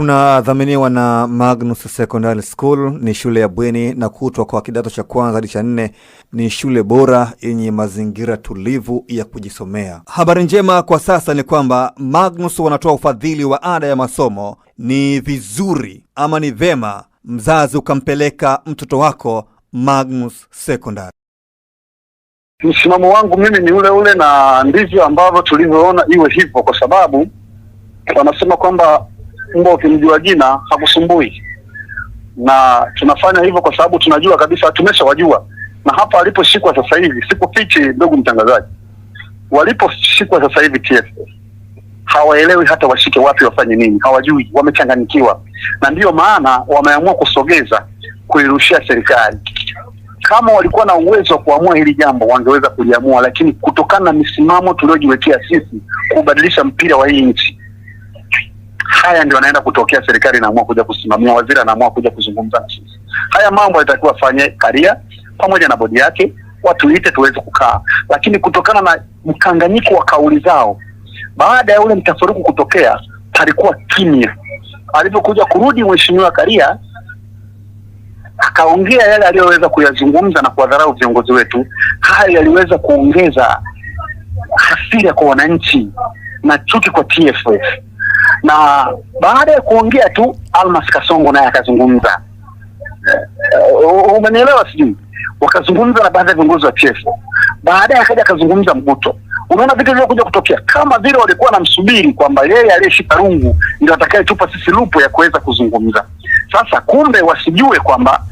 Tunadhaminiwa na Magnus Secondary School. Ni shule ya bweni na kutwa kwa kidato cha kwanza hadi cha nne. Ni shule bora yenye mazingira tulivu ya kujisomea. Habari njema kwa sasa ni kwamba Magnus wanatoa ufadhili wa ada ya masomo. Ni vizuri ama ni vema mzazi ukampeleka mtoto wako Magnus Secondary. Msimamo wangu mimi ni ule ule, na ndivyo ambavyo tulivyoona iwe hivyo, kwa sababu wanasema kwamba mbwa ukimjua jina hakusumbui, na tunafanya hivyo kwa sababu tunajua kabisa tumeshawajua, na hapa aliposhikwa sasa hivi, sikufichi ndugu mtangazaji, waliposhikwa sasa hivi TFF hawaelewi hata washike wapi, wafanye nini, hawajui, wamechanganyikiwa, na ndiyo maana wameamua kusogeza kuirushia serikali. Kama walikuwa na uwezo wa kuamua hili jambo, wangeweza kuliamua, lakini kutokana na misimamo tuliojiwekea sisi kubadilisha mpira wa hii nchi haya ndio anaenda kutokea. Serikali inaamua kuja kusimamia, waziri anaamua kuja kuzungumza na sisi. Haya mambo yanatakiwa afanye Karia pamoja na bodi yake, watuite tuweze kukaa, lakini kutokana na mkanganyiko wa kauli zao baada ya ule mtafaruku kutokea, palikuwa kimya. Alipokuja kurudi mheshimiwa Karia akaongea yale aliyoweza kuyazungumza na kuwadharau viongozi wetu. Hayo yaliweza kuongeza hasira kwa wananchi na chuki kwa TFF na baada ya kuongea tu Almas Kasongo naye akazungumza, eh, umenielewa sijui, wakazungumza na baadhi ya viongozi wa TF. Baadaye akaja akazungumza Mguto. Unaona vitu vilivyokuja kutokea kama vile walikuwa namsubiri kwamba yeye aliyeshika rungu ndio atakayetupa sisi lupo ya kuweza kuzungumza. Sasa kumbe wasijue kwamba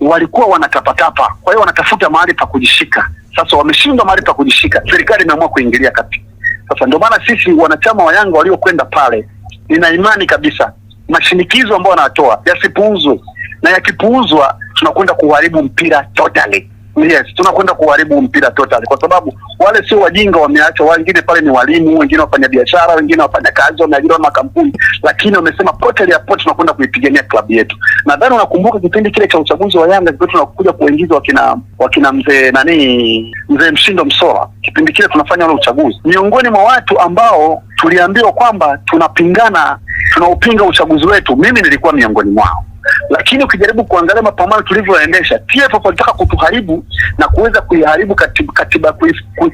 walikuwa wanatapatapa, kwa hiyo wanatafuta mahali pa kujishika. Sasa wameshindwa mahali pa kujishika, serikali imeamua kuingilia kati. Sasa ndio maana sisi wanachama wa Yanga waliokwenda pale nina imani kabisa mashinikizo ambayo anatoa yasipuuzwe, na yakipuuzwa tunakwenda kuharibu mpira totally. Yes, tunakwenda kuharibu mpira totally, kwa sababu wale sio wajinga, wameachwa wengine pale, ni walimu, wengine wafanya biashara, wengine wafanya kazi, wameajiriwa makampuni, lakini wamesema pote ya tunakwenda kuipigania klabu yetu. Nadhani unakumbuka kipindi kile cha uchaguzi wa Yanga, kipindi tunakuja kuingiza wakina wakina mzee nani, mzee Mshindo Msola, kipindi kile tunafanya ule uchaguzi, miongoni mwa watu ambao tuliambiwa kwamba tunapingana, tunaupinga uchaguzi wetu, mimi nilikuwa miongoni mwao lakini ukijaribu kuangalia mapambano tulivyoendesha, TFF walitaka kutuharibu na kuweza kuiharibu katiba, katiba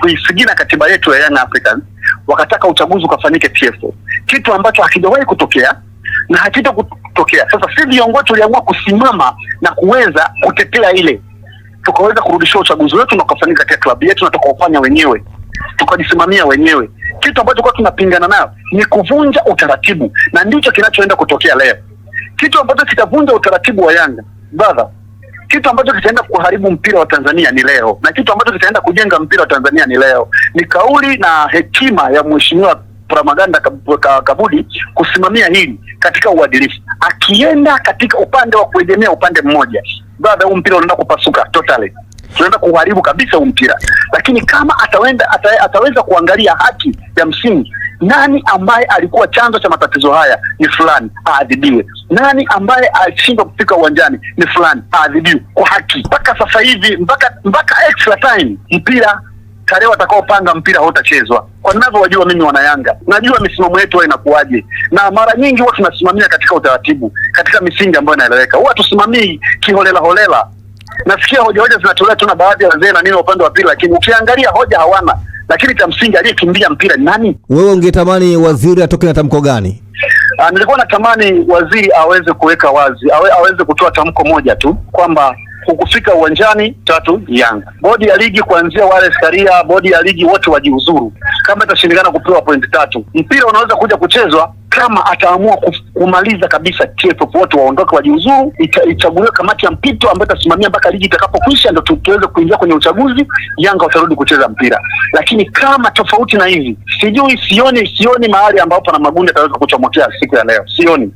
kuisigina katiba yetu ya Young African, wakataka uchaguzi ukafanyike TFF, kitu ambacho hakijawahi kutokea na hakita kutokea. Sasa si viongozi tuliamua kusimama na kuweza kutetea ile, tukaweza kurudishia uchaguzi wetu na ukafanyika katika klabu yetu na tukaufanya wenyewe, tukajisimamia wenyewe. Kitu ambacho kwa tunapingana nayo ni kuvunja utaratibu, na ndicho kinachoenda kutokea leo kitu ambacho kitavunja utaratibu wa Yanga baba, kitu ambacho kitaenda kuharibu mpira wa Tanzania ni leo, na kitu ambacho kitaenda kujenga mpira wa Tanzania ni leo. Ni kauli na hekima ya mheshimiwa pramaganda Kabudi kusimamia hili katika uadilifu, akienda katika upande wa kuegemea upande mmoja, brother, huu mpira unaenda kupasuka totally tunaenda kuharibu kabisa huu mpira, lakini kama atawenda, ataweza kuangalia haki ya msingi nani ambaye alikuwa chanzo cha matatizo haya ni fulani, aadhibiwe. Nani ambaye alishindwa kufika uwanjani ni fulani, aadhibiwe kwa haki. Mpaka sasa hivi, mpaka mpaka extra time, mpira tarehe watakaopanga mpira hautachezwa. Kwa ninavyowajua mimi wanayanga, najua misimamo yetu huwa inakuwaje, na mara nyingi huwa tunasimamia katika utaratibu, katika misingi ambayo inaeleweka. Huwa tusimamii kiholela holela. Nasikia hoja hoja zinatolewa tuna baadhi ya wazee na nini upande wa pili, lakini ukiangalia hoja hawana lakini cha msingi aliyekimbia mpira ni nani? Wewe ungetamani waziri atoke na tamko gani? Uh, nilikuwa natamani waziri aweze kuweka wazi awe, aweze kutoa tamko moja tu kwamba hukufika uwanjani tatu Yanga. Bodi ya ligi kuanzia wale skaria bodi ya ligi wote wajiuzuru kama itashindikana kupewa pointi tatu. Mpira unaweza kuja kuchezwa kama ataamua kumaliza kabisa TFF wote waondoke, wajiuzuru, ichaguliwe kamati ya mpito ambayo itasimamia mpaka ligi itakapokwisha, ndio tuweze kuingia kwenye uchaguzi, Yanga watarudi kucheza mpira. Lakini kama tofauti na hivi, sijui, sioni, sioni mahali ambapo pana Magundi ataweza kuchomokea siku ya leo, sioni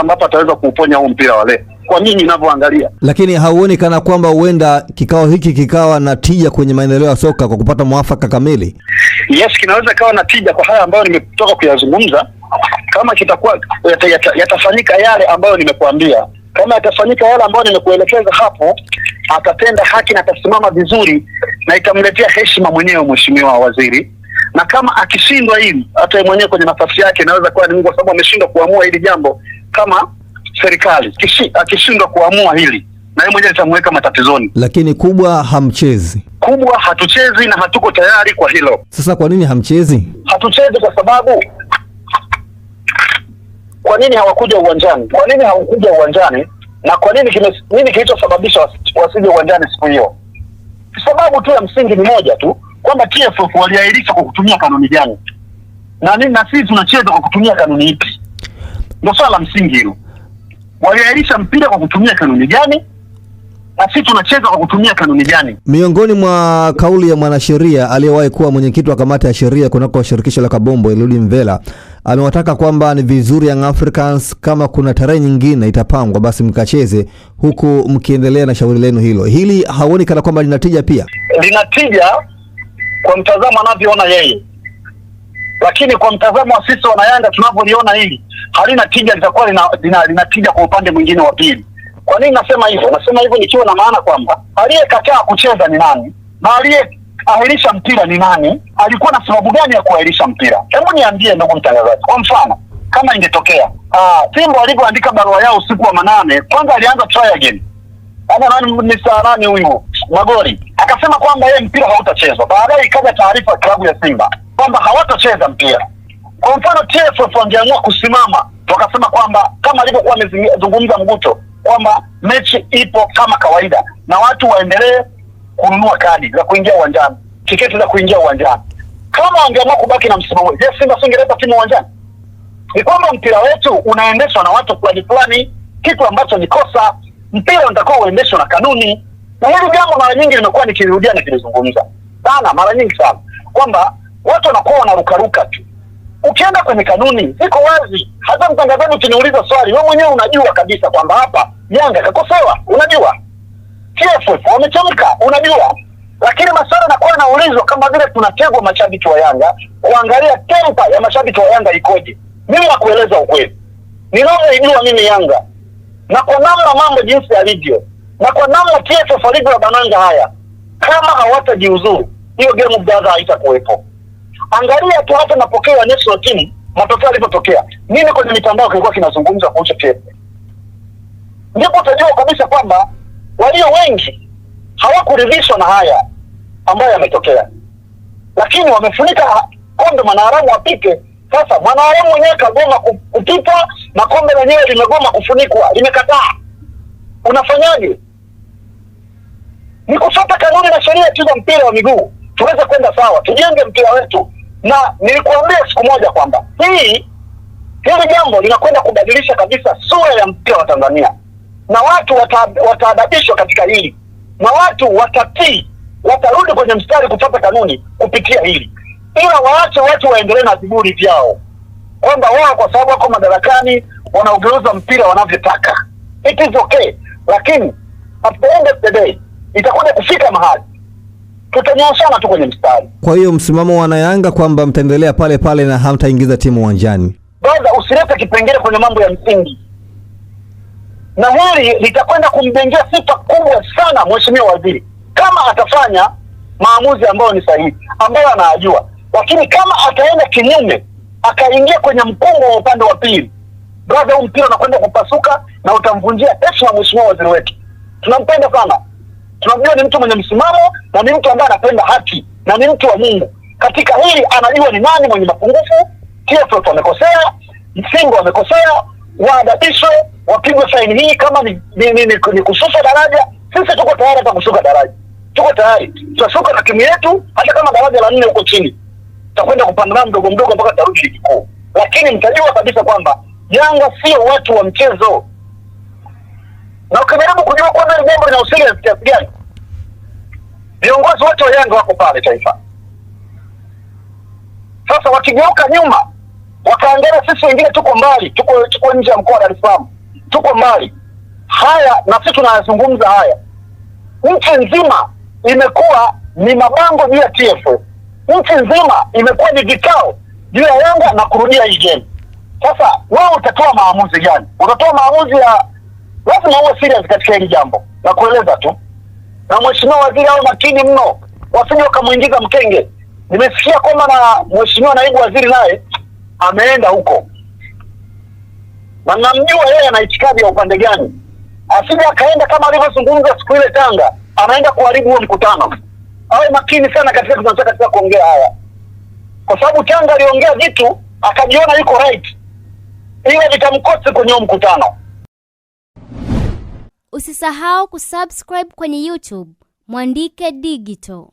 ambapo ataweza kuuponya huu mpira wale kwa mimi ninavyoangalia. Lakini hauoni kana kwamba huenda kikao hiki kikawa na tija kwenye maendeleo ya soka kwa kupata mwafaka kamili? Yes, kinaweza kawa na tija kwa haya ambayo nimetoka kuyazungumza, kama kitakuwa yatafanyika yata yale ambayo nimekuambia, kama yatafanyika yale ambayo nimekuelekeza hapo, atatenda haki na atasimama vizuri na itamletea heshima mwenyewe mheshimiwa waziri. Na kama akishindwa hivi, hata yeye mwenyewe kwenye nafasi yake naweza kuwa ni Mungu, kwa sababu ameshindwa kuamua hili jambo kama serikali. Akishindwa kuamua hili na yeye mwenyewe litamweka matatizoni. Lakini kubwa hamchezi, kubwa hatuchezi na hatuko tayari kwa hilo. Sasa kwa nini hamchezi? Hatuchezi kwa sababu kwa nini hawakuja uwanjani? Kwa nini hawakuja uwanjani na kwa nini kime, nini kilichosababisha wasije uwanjani siku hiyo? Sababu tu ya msingi ni moja tu kwamba TFF waliahirisha kwa kutumia kanuni gani na nini, na sisi tunacheza kwa kutumia kanuni ipi? Ndio swala la msingi hilo. Waliahirisha mpira kwa kutumia kanuni gani na sisi tunacheza kwa kutumia kanuni gani? Miongoni mwa kauli ya mwanasheria aliyewahi kuwa mwenyekiti wa kamati ya sheria kunako shirikisho la Kabombo Eludi Mvela amewataka kwamba ni vizuri Young Africans kama kuna tarehe nyingine itapangwa basi mkacheze, huku mkiendelea na shauri lenu hilo. Hili hauoni kana kwamba linatija? Pia linatija kwa mtazamo anavyoona yeye, lakini kwa mtazamo wa sisi Yanga tunavyoliona hili halina tija, litakuwa linatija lina, lina kwa upande mwingine wa pili. Kwa nini nasema hivyo? Nasema hivyo nikiwa na maana kwamba aliyekataa kucheza ni nani na aliye ahirisha mpira ni nani? Alikuwa na sababu gani ya kuahirisha mpira? Hebu niambie ndugu mtangazaji. Kwa mfano kama ingetokea ah, Simba walivyoandika barua yao usiku wa manane, kwanza alianza try again nani, ni saa nane huyu Magori akasema kwamba yeye mpira hautachezwa. Baadaye ikaja taarifa ya klabu ya Simba kwamba hawatacheza mpira. Kwa mfano TFF wangeamua kusimama wakasema kwamba kama alivyokuwa amezungumza Mguto kwamba mechi ipo kama kawaida na watu waendelee kununua kadi za kuingia uwanjani, tiketi za kuingia uwanjani. Kama angeamua kubaki na msimamo je, Simba singeleta timu uwanjani. Ni kwamba mpira wetu unaendeshwa na watu fulani fulani, kitu ambacho ni kosa. Mpira unatakiwa uendeshwa na kanuni, na hili jambo mara nyingi limekuwa nikirudia nikilizungumza sana, mara nyingi sana, kwamba watu wanakuwa wanarukaruka tu. Ukienda kwenye kanuni ziko wazi. Hata mtangazaji, ukiniuliza swali, wewe mwenyewe unajua kabisa kwamba hapa Yanga kakosewa, unajua TFF wamechemka, unajua lakini maswali nakuwa naulizwa kama vile tunategwa mashabiki wa Yanga kuangalia tempa ya mashabiki wa Yanga ikoje. Mimi nakueleza ukweli ninayoijua mimi Yanga na kwa namna mambo jinsi yalivyo na kwa namna TFF alivyo ya bananga haya, kama hawatajiuzuru hiyo game brother, haitakuwepo. Angalia tu hata mapokeo ya national team, matokeo yalivyotokea, nini kwenye mitandao kilikuwa kinazungumza kuhusu TFF, ndipo utajua kabisa kwamba walio wengi hawakuridhishwa na haya ambayo yametokea, lakini wamefunika kombe mwanaharamu wapite. Sasa mwanaharamu mwenyewe kagoma kupipwa na kombe lenyewe limegoma kufunikwa, limekataa. Unafanyaje? Ni kufuata kanuni na sheria tu za mpira wa miguu, tuweze kwenda sawa, tujenge mpira wetu. Na nilikuambia siku moja kwamba hii hili jambo linakwenda kubadilisha kabisa sura ya mpira wa Tanzania na watu wataadabishwa katika hili, na watu watatii, watarudi kwenye mstari kufata kanuni kupitia hili, ila waache watu waendelee na viburi vyao kwamba wao kwa sababu wako madarakani wanaogeuza mpira wanavyotaka. It is okay, lakini at the end of the day itakuja kufika mahali tutanyoshana tu kwenye mstari. Kwa hiyo msimamo wa Wanayanga kwamba mtaendelea pale pale na hamtaingiza timu uwanjani. Brother, usilete kipengele kwenye mambo ya msingi na hili litakwenda kumjengea sifa kubwa sana mheshimiwa waziri kama atafanya maamuzi ambayo ni sahihi, ambayo anayajua. Lakini kama ataenda kinyume, akaingia kwenye mkongo wa upande wa pili, brother, huu mpira unakwenda kupasuka na utamvunjia heshima mheshimiwa waziri wetu. Tunampenda sana, tunamjua ni mtu mwenye msimamo na ni mtu ambaye anapenda haki na ni mtu wa Mungu. Katika hili anajua ni nani mwenye mapungufu. TFF wamekosea, msingo wamekosea waadabishwe, wapigwe faini hii. Kama ni, ni, ni, ni, ni kususa daraja, sisi tuko tayari hata kushuka daraja, tuko tayari, tutashuka na timu yetu, hata kama daraja la nne huko chini tutakwenda kupambana mdogo mdogo mpaka tutarudi ligi kuu, lakini mtajua kabisa kwamba Yanga sio watu wa mchezo, na ukijaribu kujua kwamba hili jambo lina usiri kiasi gani, viongozi wote wa Yanga wako pale Taifa. Sasa wakigeuka nyuma Wakangara sisi wengine tuko mbali, tuko tuko nje ya mkoa wa Dar es Salaam, tuko mbali. Haya na sisi tunayazungumza haya, nchi nzima imekuwa ni mabango juu ya TFF, nchi nzima imekuwa ni vikao juu ya Yanga na kurudia hii game. Sasa wewe utatoa maamuzi gani? Utatoa maamuzi ya lazima uwe serious katika hili jambo, na kueleza tu na mheshimiwa waziri awe makini mno, wasije wakamwingiza mkenge. Nimesikia kwamba na mheshimiwa naibu waziri naye ameenda huko, na namjua yeye ana itikadi ya upande gani, asije akaenda kama alivyozungumza siku ile Tanga, anaenda kuharibu huo mkutano. Awe makini sana katika tunachotaka katika kuongea haya, kwa sababu Tanga aliongea vitu akajiona yuko right, ile vitamkosi kwenye huo mkutano. Usisahau kusubscribe kwenye YouTube Mwandike Digital.